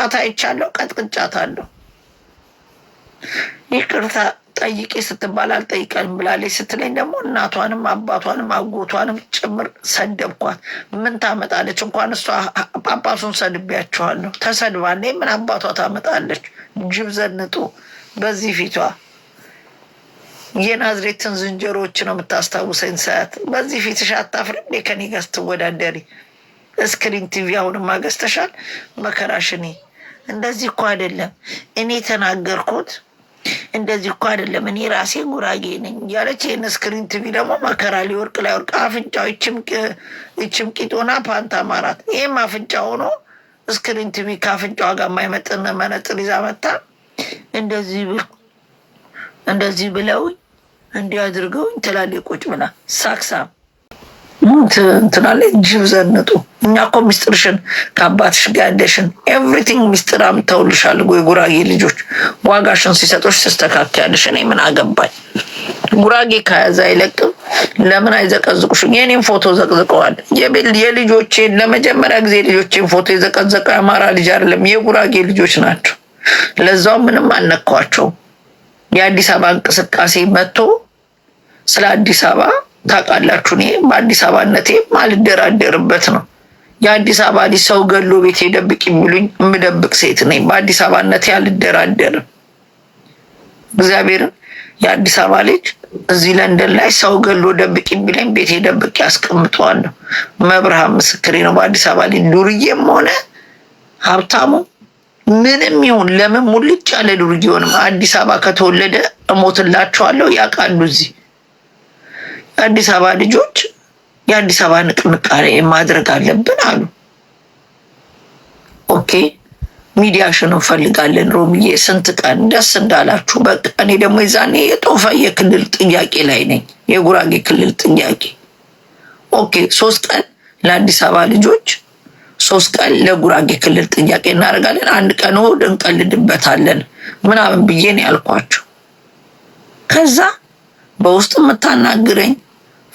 ቅጣት አይቻለሁ፣ ቀጥቅጫታለሁ። ይቅርታ ጠይቄ ስትባል አልጠይቀንም ብላለች ስትለኝ ደግሞ እናቷንም አባቷንም አጎቷንም ጭምር ሰደብኳት። ምን ታመጣለች? እንኳን እሷ ጳጳሱን ሰድቤያችኋለሁ። ተሰድባኔ ምን አባቷ ታመጣለች? ጅብ ዘንጡ በዚህ ፊቷ የናዝሬትን ዝንጀሮዎች ነው የምታስታውሰኝ ሰዓት። በዚህ ፊትሽ አታፍርም? ከኔ ጋር ስትወዳደሪ ስክሪን ቲቪ አሁንም አገዝተሻል። መከራሽኔ እንደዚህ እኮ አይደለም እኔ ተናገርኩት፣ እንደዚህ እኮ አይደለም እኔ ራሴ ጉራጌ ነኝ ያለች ይህን ስክሪን ቲቪ ደግሞ መከራ ሊወርቅ ላይ ወርቅ አፍንጫው ይችም ቂጦና ፓንት አማራት። ይህም አፍንጫ ሆኖ ስክሪን ቲቪ ከአፍንጫዋ ጋር የማይመጥን መነጥር ይዛ መታ እንደዚህ እንደዚህ ብለውኝ እንዲያድርገውኝ ትላል። ቁጭ ብላ ሳክሳም ትናለ ጅብ ዘንጡ። እኛ እኮ ሚስጥርሽን ከአባትሽ ጋር ያለሽን ኤቭሪቲንግ ሚስጥር አምተውልሻል የጉራጌ ልጆች። ዋጋሽን ሲሰጦች ትስተካከያለሽ። እኔ ምን አገባኝ? ጉራጌ ከያዘ አይለቅም። ለምን አይዘቀዝቁሽም? የኔን ፎቶ ዘቅዝቀዋል። የልጆቼን ለመጀመሪያ ጊዜ ልጆቼን ፎቶ የዘቀዘቀው የአማራ ልጅ አይደለም፣ የጉራጌ ልጆች ናቸው። ለዛው ምንም አልነካዋቸውም። የአዲስ አበባ እንቅስቃሴ መጥቶ ስለ አዲስ አበባ ታውቃላችሁ፣ እኔ በአዲስ አበባነቴ ማልደራደርበት ነው። የአዲስ አበባ ልጅ ሰው ገሎ ቤት የደብቅ የሚሉኝ የምደብቅ ሴት ነኝ። በአዲስ አበባነቴ አልደራደርም። እግዚአብሔርን የአዲስ አበባ ልጅ እዚህ ለንደን ላይ ሰው ገሎ ደብቅ የሚለኝ ቤት ደብቅ ያስቀምጠዋለሁ። መብርሃን ምስክሬ ነው። በአዲስ አበባ ልጅ ዱርዬም ሆነ ሀብታሙ ምንም ይሁን ለምን ሙልጭ ያለ ዱርዬ ሆንም አዲስ አበባ ከተወለደ እሞትላቸዋለሁ። ያውቃሉ እዚህ የአዲስ አበባ ልጆች የአዲስ አበባ ንቅንቃሬ ማድረግ አለብን አሉ። ኦኬ ሚዲያሽን እንፈልጋለን ሮምዬ፣ ስንት ቀን ደስ እንዳላችሁ። በቃ እኔ ደግሞ የዛኔ የጦፈ የክልል ጥያቄ ላይ ነኝ፣ የጉራጌ ክልል ጥያቄ። ኦኬ ሶስት ቀን ለአዲስ አበባ ልጆች፣ ሶስት ቀን ለጉራጌ ክልል ጥያቄ እናደርጋለን፣ አንድ ቀን እሑድ እንቀልድበታለን ምናምን ብዬ ነው ያልኳቸው። ከዛ በውስጥ የምታናግረኝ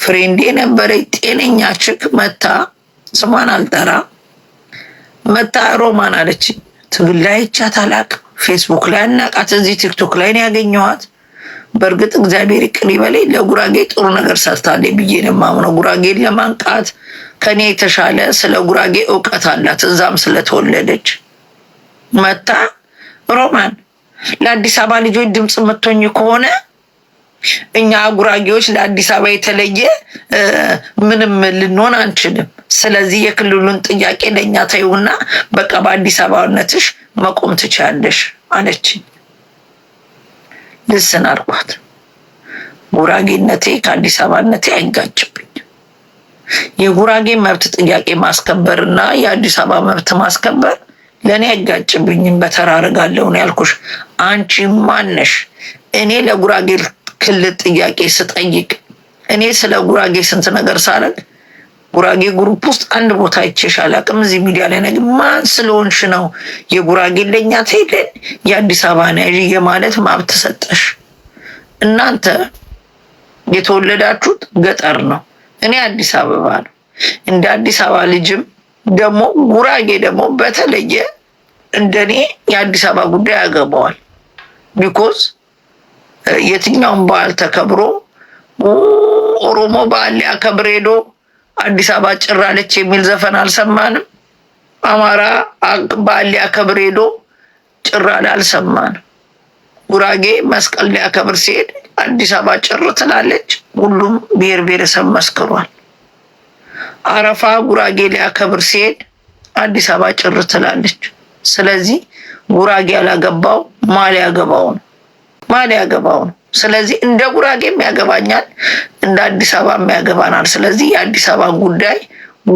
ፍሬንዴ ነበረች ጤነኛ ችክ መታ ስሟን አልጠራ መታ ሮማን አለች። ትግል ላይ ይቻት ፌስቡክ ላይ አናቃት፣ እዚህ ቲክቶክ ላይ ያገኘኋት። በእርግጥ እግዚአብሔር ይቅር ይበለኝ ለጉራጌ ጥሩ ነገር ሰርታለች ብዬ ነው የማምነው። ጉራጌን ለማንቃት ከኔ የተሻለ ስለ ጉራጌ እውቀት አላት፣ እዛም ስለተወለደች መታ ሮማን ለአዲስ አበባ ልጆች ድምፅ የምትሆኝ ከሆነ እኛ አጉራጌዎች ለአዲስ አበባ የተለየ ምንም ልንሆን አንችልም። ስለዚህ የክልሉን ጥያቄ ለእኛ ተይውና በቃ በአዲስ አበባነትሽ መቆም ትችያለሽ አለችኝ። ልስን አልኳት። ጉራጌነቴ ከአዲስ አበባነቴ አይጋጭብኝ። የጉራጌ መብት ጥያቄ ማስከበር እና የአዲስ አበባ መብት ማስከበር ለእኔ አይጋጭብኝም። በተራርጋለሁ ነው ያልኩሽ። አንቺ ማነሽ? እኔ ለጉራጌ ክልል ጥያቄ ስጠይቅ እኔ ስለ ጉራጌ ስንት ነገር ሳረግ ጉራጌ ግሩፕ ውስጥ አንድ ቦታ አይቼሽ አላቅም። እዚህ ሚዲያ ላይ ነግ ማን ስለሆንሽ ነው የጉራጌ ለኛ ትሄደን የአዲስ አበባ ነሽ የማለት መብት ተሰጠሽ። እናንተ የተወለዳችሁት ገጠር ነው፣ እኔ አዲስ አበባ ነው። እንደ አዲስ አበባ ልጅም ደግሞ ጉራጌ ደግሞ በተለየ እንደኔ የአዲስ አበባ ጉዳይ ያገባዋል ቢኮዝ የትኛውም በዓል ተከብሮ ኦሮሞ በዓል ሊያከብር ሄዶ አዲስ አበባ ጭራለች የሚል ዘፈን አልሰማንም። አማራ በዓል ሊያከብር ሄዶ ጭራል አልሰማንም። ጉራጌ መስቀል ሊያከብር ሲሄድ አዲስ አበባ ጭር ትላለች። ሁሉም ብሔር ብሔረሰብ መስክሯል። አረፋ ጉራጌ ሊያከብር ሲሄድ አዲስ አበባ ጭር ትላለች። ስለዚህ ጉራጌ ያላገባው ማል ያገባው ነው። ማን ያገባው ስለዚህ እንደ ጉራጌም ያገባኛል፣ እንደ አዲስ አበባም ያገባናል። ስለዚህ የአዲስ አበባን ጉዳይ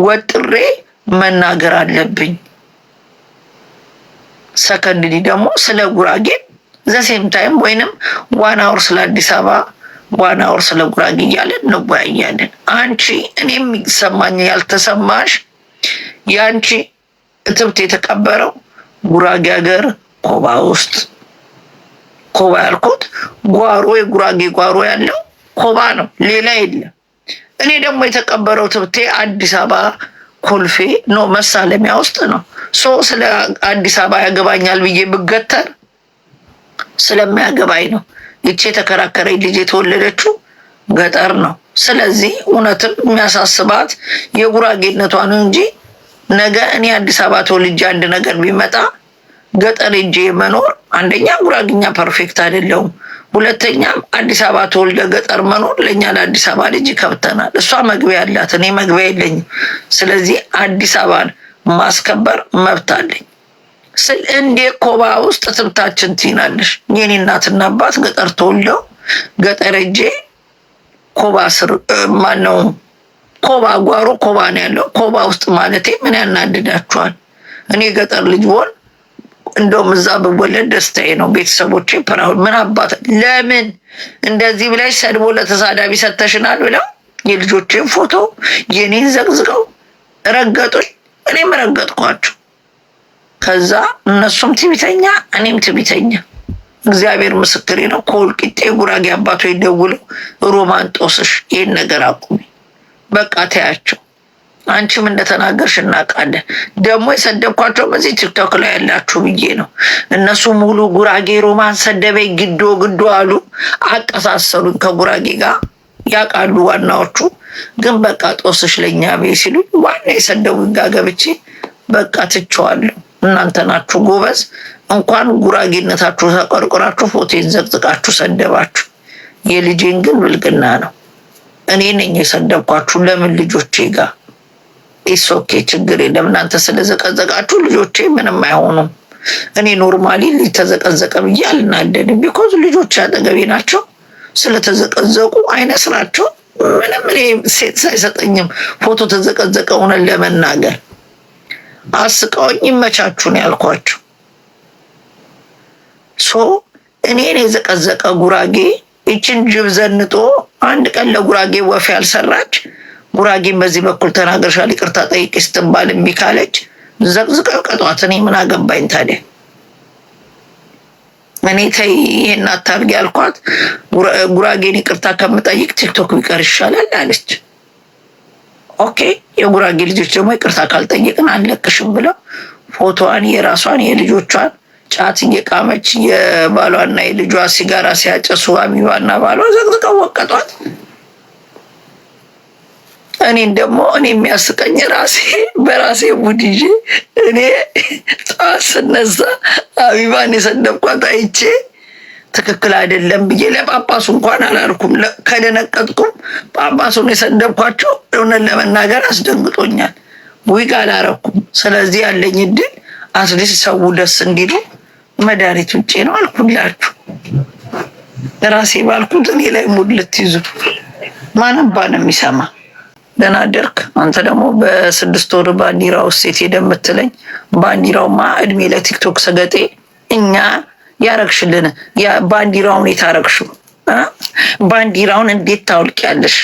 ወጥሬ መናገር አለብኝ። ሰከንድሊ ደግሞ ስለ ጉራጌ ዘሴም ታይም ወይንም ዋን አወር ስለ አዲስ አበባ ዋን አወር ስለ ጉራጌ እያለን እንወያያለን። አንቺ እኔ የሚሰማኝ ያልተሰማሽ የአንቺ እትብት የተቀበረው ጉራጌ ሀገር ኮባ ውስጥ ኮባ ያልኩት ጓሮ የጉራጌ ጓሮ ያለው ኮባ ነው፣ ሌላ የለም። እኔ ደግሞ የተቀበረው ትብቴ አዲስ አበባ ኮልፌ ኖ መሳለሚያ ውስጥ ነው። ሶ ስለ አዲስ አበባ ያገባኛል ብዬ ብገተር ስለማያገባኝ ነው። ይቺ የተከራከረኝ ልጅ የተወለደችው ገጠር ነው። ስለዚህ እውነትም የሚያሳስባት የጉራጌነቷ ነው እንጂ ነገ እኔ አዲስ አበባ ተወልጄ አንድ ነገር ቢመጣ ገጠር እጄ መኖር አንደኛ ጉራግኛ ፐርፌክት አይደለውም። ሁለተኛም አዲስ አበባ ተወልደ ገጠር መኖር ለእኛ ለአዲስ አበባ ልጅ ይከብተናል። እሷ መግቢያ ያላት እኔ መግቢያ የለኝም። ስለዚህ አዲስ አበባን ማስከበር መብት አለኝ ስል እንዴ ኮባ ውስጥ ትብታችን ትይናለሽ። የኔ እናትና አባት ገጠር ተወልደው ገጠር እጄ ኮባ ስር ማነው ኮባ ጓሮ ኮባ ነው ያለው። ኮባ ውስጥ ማለቴ ምን ያናድዳችኋል? እኔ ገጠር ልጅ ሆን እንደውም እዛ ብወለድ ደስታዬ ነው። ቤተሰቦቼ ፕራውድ ምን አባት ለምን እንደዚህ ብላይ ሰድቦ ለተሳዳቢ ሰተሽናል ብለው የልጆቼን ፎቶ የኔን ዘግዝቀው ረገጡኝ። እኔም ረገጥኳቸው። ከዛ እነሱም ትቢተኛ እኔም ትቢተኛ። እግዚአብሔር ምስክሬ ነው። ከወልቂጤ ጉራጌ አባቶ ደውለው ሮማን ጦስሽ ይህን ነገር አቁሚ፣ በቃ ተያቸው አንቺም እንደተናገርሽ እናውቃለን። ደግሞ የሰደብኳቸው በዚህ ቲክቶክ ላይ ያላችሁ ብዬ ነው። እነሱ ሙሉ ጉራጌ ሮማን ሰደበኝ ግዶ ግዶ አሉ፣ አቀሳሰሉኝ ከጉራጌ ጋር ያውቃሉ ዋናዎቹ። ግን በቃ ጦስሽ ለኛ ቤ ሲሉ ዋና የሰደቡኝ ጋር ገብቼ በቃ ትቸዋለሁ። እናንተ ናችሁ ጎበዝ። እንኳን ጉራጌነታችሁ ተቆርቁራችሁ ፎቴን ዘቅዝቃችሁ ሰደባችሁ። የልጄን ግን ብልግና ነው። እኔ ነኝ የሰደብኳችሁ ለምን ልጆቼ ጋር ኢሶኬ ችግር የለም እናንተ ስለዘቀዘቃችሁ ልጆቼ ምንም አይሆኑም። እኔ ኖርማሊ ተዘቀዘቀ ብዬ አልናደድም። ቢኮዝ ልጆች አጠገቤ ናቸው። ስለተዘቀዘቁ አይነ ስራቸው ምንም እኔ ሴት ሳይሰጠኝም ፎቶ ተዘቀዘቀ ሆነን ለመናገር አስቀውኝ ይመቻችሁ ያልኳቸው። ሶ እኔን የዘቀዘቀ ጉራጌ ይችን ጅብ ዘንጦ አንድ ቀን ለጉራጌ ወፍ ያልሰራች ጉራጌን በዚህ በኩል ተናገርሻል ይቅርታ ጠይቂ ስትባል እምቢ ካለች ዘቅዝቀው ቀጧት። እኔ ምን አገባኝ ታዲያ? እኔ ተይ ይሄን አታርጊ ያልኳት ጉራጌን ይቅርታ ከምጠይቅ ቲክቶክ ቢቀር ይሻላል አለች። ኦኬ የጉራጌ ልጆች ደግሞ ይቅርታ ካልጠየቅን አንለቅሽም ብለው ፎቶዋን የራሷን የልጆቿን ጫት እየቃመች የባሏና የልጇ ሲጋራ ሲያጨሱ አሚባና ባሏ ዘቅዝቀው ወቀጧት። እኔን ደግሞ እኔ የሚያስቀኝ ራሴ በራሴ ቡድጂ እኔ ጠዋት ስነሳ አቢባን የሰደብኳት አይቼ ትክክል አይደለም ብዬ ለጳጳሱ እንኳን አላልኩም። ከደነቀጥኩም ጳጳሱን የሰደብኳቸው እውነት ለመናገር አስደንግጦኛል። ዊግ አላረኩም። ስለዚህ ያለኝ እድል አትሊስት ሰው ደስ እንዲሉ መድኃኒት ውጭ ነው አልኩላችሁ። ራሴ ባልኩት እኔ ላይ ሙድ ልትይዙ ማነባ ነው የሚሰማ ደህና አደርክ። አንተ ደግሞ በስድስት ወር ባንዲራ ውስጥ የት ሄደ የምትለኝ? ባንዲራውማ እድሜ ለቲክቶክ ሰገጤ እኛ ያረግሽልን ባንዲራውን የታረግሽው ባንዲራውን እንዴት ታውልቂያለሽ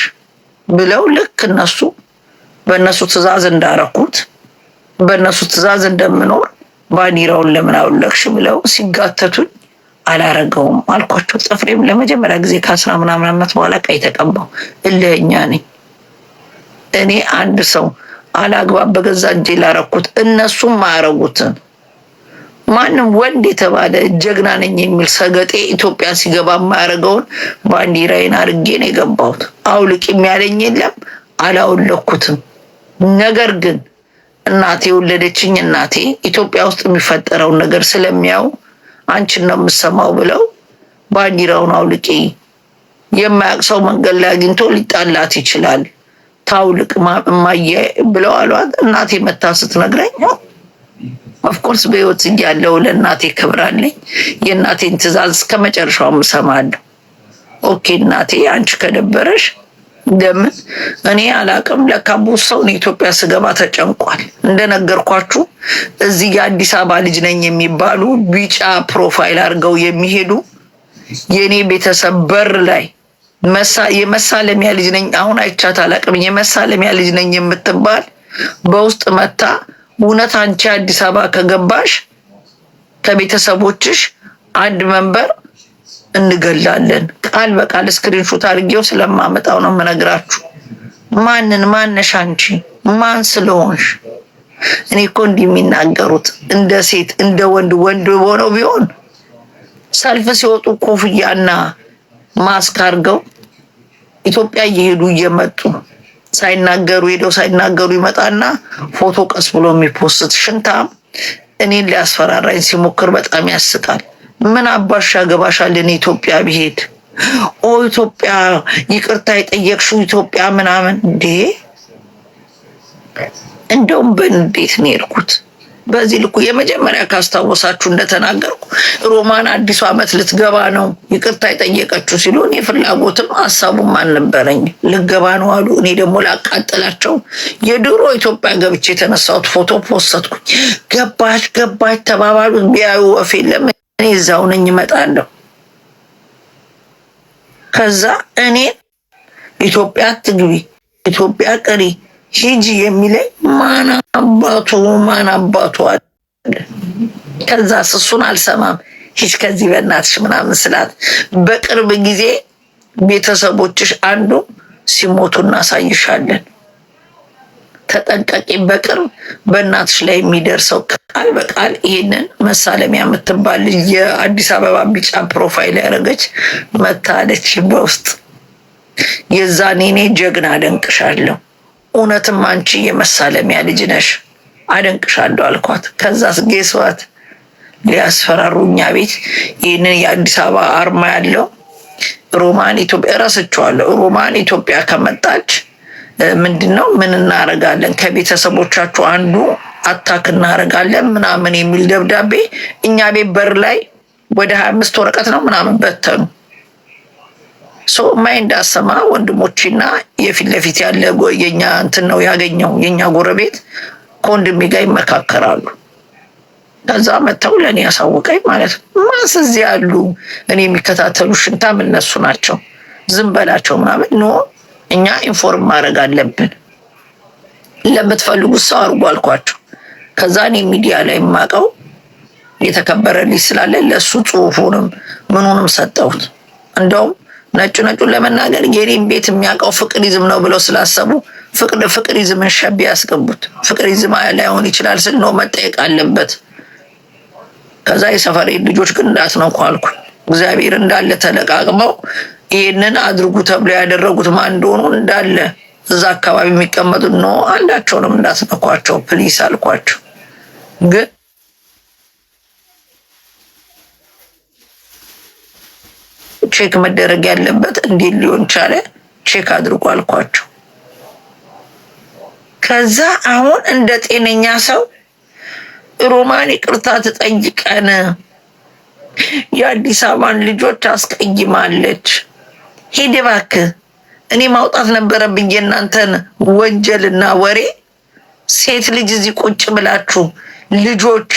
ብለው ልክ እነሱ በእነሱ ትዕዛዝ እንዳረኩት በእነሱ ትእዛዝ እንደምኖር ባንዲራውን ለምን አውለቅሽ ብለው ሲጋተቱኝ አላረገውም አልኳቸው። ጥፍሬም ለመጀመሪያ ጊዜ ከአስራ ምናምን ዓመት በኋላ ቀይ ተቀባው። እልህኛ ነኝ። እኔ አንድ ሰው አላግባብ በገዛ እጄ ላረኩት እነሱም አያረጉትን ማንም ወንድ የተባለ ጀግና ነኝ የሚል ሰገጤ ኢትዮጵያ ሲገባ የማያደርገውን ባንዲራዬን አድርጌ ነው የገባሁት። አውልቅ የሚያለኝ የለም፣ አላውለኩትም። ነገር ግን እናቴ የወለደችኝ እናቴ ኢትዮጵያ ውስጥ የሚፈጠረውን ነገር ስለሚያው አንቺን ነው የምሰማው ብለው ባንዲራውን አውልቂ። የማያውቅ ሰው መንገድ ላይ አግኝቶ ሊጣላት ይችላል። ታውልቅ ማየ ብለው አሏት። እናቴ መታ ስትነግረኝ ኦፍኮርስ በህይወት እያለው ለእናቴ ክብራለኝ የእናቴን ትዕዛዝ እስከ መጨረሻውም እሰማለሁ። ኦኬ እናቴ አንቺ ከደበረሽ ለምን እኔ አላቅም። ለካ ብዙ ሰው ኢትዮጵያ ስገባ ተጨንቋል። እንደነገርኳችሁ እዚህ የአዲስ አበባ ልጅ ነኝ የሚባሉ ቢጫ ፕሮፋይል አድርገው የሚሄዱ የእኔ ቤተሰብ በር ላይ የመሳለሚያ ልጅ ነኝ አሁን አይቻት አላቅም። የመሳለሚያ ልጅ ነኝ የምትባል በውስጥ መታ እውነት አንቺ አዲስ አበባ ከገባሽ ከቤተሰቦችሽ አንድ መንበር እንገላለን። ቃል በቃል እስክሪንሾት አድርጌው ስለማመጣው ነው የምነግራችሁ። ማንን ማነሽ አንቺ ማን ስለሆንሽ? እኔ እኮ እንዲህ የሚናገሩት እንደ ሴት እንደ ወንድ ወንድ ሆነው ቢሆን ሰልፍ ሲወጡ ኮፍያና ማስክ አድርገው ኢትዮጵያ እየሄዱ እየመጡ ሳይናገሩ ሄደው ሳይናገሩ ይመጣና ፎቶ ቀስ ብሎ የሚፖስት ሽንታም እኔን ሊያስፈራራኝ ሲሞክር በጣም ያስቃል። ምን አባሽ ያገባሻል? እኔ ኢትዮጵያ ብሄድ ኦ ኢትዮጵያ ይቅርታ የጠየቅሽው ኢትዮጵያ ምናምን እንዴ! እንደውም በንዴት ነው የሄድኩት። በዚህ ልኩ የመጀመሪያ ካስታወሳችሁ እንደተናገርኩ ሮማን አዲሱ ዓመት ልትገባ ነው ይቅርታ የጠየቀችው ሲሉ እኔ ፍላጎትም ሀሳቡም አልነበረኝ። ልገባ ነው አሉ። እኔ ደግሞ ላቃጥላቸው የድሮ ኢትዮጵያ ገብቼ የተነሳሁት ፎቶ ፖሰትኩኝ። ገባች ገባች ተባባሉ። ቢያዩ ወፍ የለም። እኔ እዛው ነኝ እመጣለሁ። ከዛ እኔ ኢትዮጵያ ትግቢ ኢትዮጵያ ቅሪ ሂጂ የሚለኝ ማን አባቱ ማን አባቱ አለ። ከዛ ስሱን አልሰማም ሂጅ ከዚህ በእናትሽ ምናምን ስላት በቅርብ ጊዜ ቤተሰቦችሽ አንዱ ሲሞቱ እናሳይሻለን፣ ተጠንቀቂ። በቅርብ በእናትሽ ላይ የሚደርሰው ቃል በቃል ይህንን መሳለሚያ የምትባል የአዲስ አበባ ቢጫ ፕሮፋይል ያደረገች መታለች በውስጥ የዛኔ እኔ ጀግና አደንቅሻለሁ እውነትም አንቺ የመሳለሚያ ልጅ ነሽ አደንቅሻለሁ አልኳት። ከዛ ጌስዋት ሊያስፈራሩ እኛ ቤት ይህንን የአዲስ አበባ አርማ ያለው ሮማን ኢትዮጵያ እረስቸዋለሁ። ሮማን ኢትዮጵያ ከመጣች ምንድን ነው ምን እናረጋለን፣ ከቤተሰቦቻችሁ አንዱ አታክ እናረጋለን ምናምን የሚል ደብዳቤ እኛ ቤት በር ላይ ወደ ሀያ አምስት ወረቀት ነው ምናምን በተኑ። ማይ እንዳሰማ ወንድሞቼና የፊት ለፊት ያለ የኛ እንትን ነው ያገኘው የኛ ጎረቤት ከወንድሜ ጋር ይመካከራሉ። ከዛ መጥተው ለእኔ ያሳውቀኝ ማለት ነው። ማስ እዚህ ያሉ እኔ የሚከታተሉ ሽንታም እነሱ ናቸው። ዝም በላቸው ምናምን ኖ እኛ ኢንፎርም ማድረግ አለብን ለምትፈልጉት ሰው አድርጎ አልኳቸው። ከዛ እኔ ሚዲያ ላይ የማውቀው የተከበረ ልጅ ስላለ ለእሱ ጽሁፉንም ምኑንም ሰጠሁት እንደውም ነጩ ነጩን ለመናገር የኔም ቤት የሚያውቀው ፍቅሪዝም ነው ብለው ስላሰቡ ፍቅር ፍቅሪዝምን ሸቢ ያስገቡት። ፍቅሪዝም ላይሆን ይችላል ስል ነው መጠየቅ አለበት። ከዛ የሰፈሬ ልጆች ግን እንዳትነኩ አልኩኝ። እግዚአብሔር እንዳለ ተለቃቅመው ይህንን አድርጉ ተብሎ ያደረጉት ማን እንደሆኑ እንዳለ እዛ አካባቢ የሚቀመጡት ነው። አንዳቸውንም እንዳትነኳቸው ፕሊስ አልኳቸው ግን ቼክ መደረግ ያለበት እንዴት ሊሆን ቻለ? ቼክ አድርጎ አልኳቸው። ከዛ አሁን እንደ ጤነኛ ሰው ሮማን ይቅርታ ትጠይቀን፣ የአዲስ አበባን ልጆች አስቀይማለች። ሂድ እባክህ። እኔ ማውጣት ነበረብኝ የእናንተን ወንጀልና ወሬ። ሴት ልጅ እዚህ ቁጭ ብላችሁ ልጆች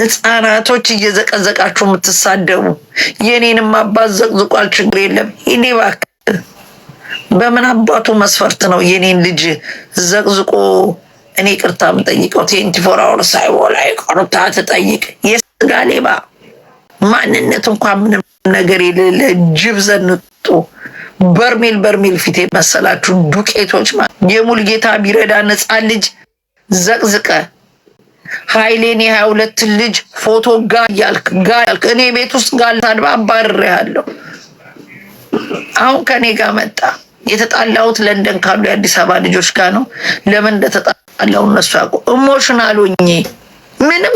ህፃናቶች እየዘቀዘቃችሁ የምትሳደቡ የኔንም አባት ዘቅዝቋል፣ ችግር የለም ይኔ እባክህ በምን አባቱ መስፈርት ነው የኔን ልጅ ዘቅዝቆ? እኔ ቅርታ የምጠይቀው ቴንቲ ፎር አወር ሳይቦላ ቅርታ ትጠይቅ። የስጋ ሌባ ማንነት እንኳን ምንም ነገር የሌለ ጅብ ዘንጡ በርሜል በርሜል ፊት የመሰላችሁ ዱቄቶች የሙልጌታ ቢረዳ ነፃ ልጅ ዘቅዝቀ ኃይሌን የሀያ ሁለት ልጅ ፎቶ ጋ ያልክ ጋ ያልክ እኔ ቤት ውስጥ ጋል ታድባ አባርር ያለው አሁን ከኔ ጋር መጣ። የተጣላሁት ለንደን ካሉ የአዲስ አበባ ልጆች ጋር ነው። ለምን እንደተጣላሁ እነሱ ያውቁ። ኢሞሽናል ሆኜ ምንም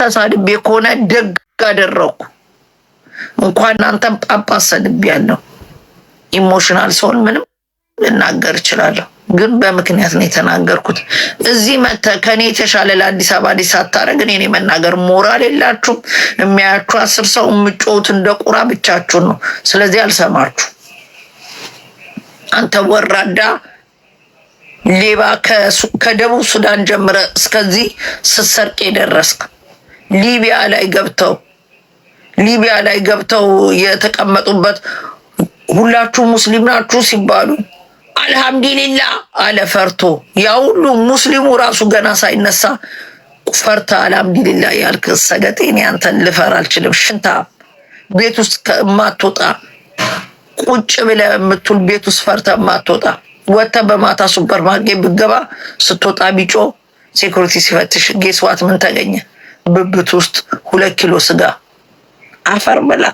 ተሳድቤ ከሆነ ደግ አደረግኩ። እንኳን እናንተን ጳጳስ ሰድቤያለሁ። ኢሞሽናል ሰውን ምንም ልናገር እችላለሁ። ግን በምክንያት ነው የተናገርኩት። እዚህ መተ ከኔ የተሻለ ለአዲስ አበባ አዲስ አታረግ። እኔ መናገር ሞራል የላችሁም። የሚያያችሁ አስር ሰው የምጮት እንደ ቁራ ብቻችሁን ነው። ስለዚህ አልሰማችሁ። አንተ ወራዳ ሌባ ከደቡብ ሱዳን ጀምረ እስከዚህ ስትሰርቅ የደረስክ ሊቢያ ላይ ገብተው ሊቢያ ላይ ገብተው የተቀመጡበት ሁላችሁ ሙስሊም ናችሁ ሲባሉ አልሐምዱሊላ አለ ፈርቶ። ያ ሁሉ ሙስሊሙ ራሱ ገና ሳይነሳ ፈርታ አልሐምዱሊላ ያልክ ሰገጤ፣ እኔ አንተን አልችልም። ሽንታ ቤት ውስጥ ማትወጣ ቁጭ ብለ የምትውል ቤት ውስጥ ፈርታ ማትወጣ ወጥተህ በማታ ሱፐር ማርኬት ብትገባ ስትወጣ ቢጮ ሴኩሪቲ ሲፈትሽ ጌስዋት ምን ተገኘ? ብብት ውስጥ ሁለት ኪሎ ስጋ አፈር ብላ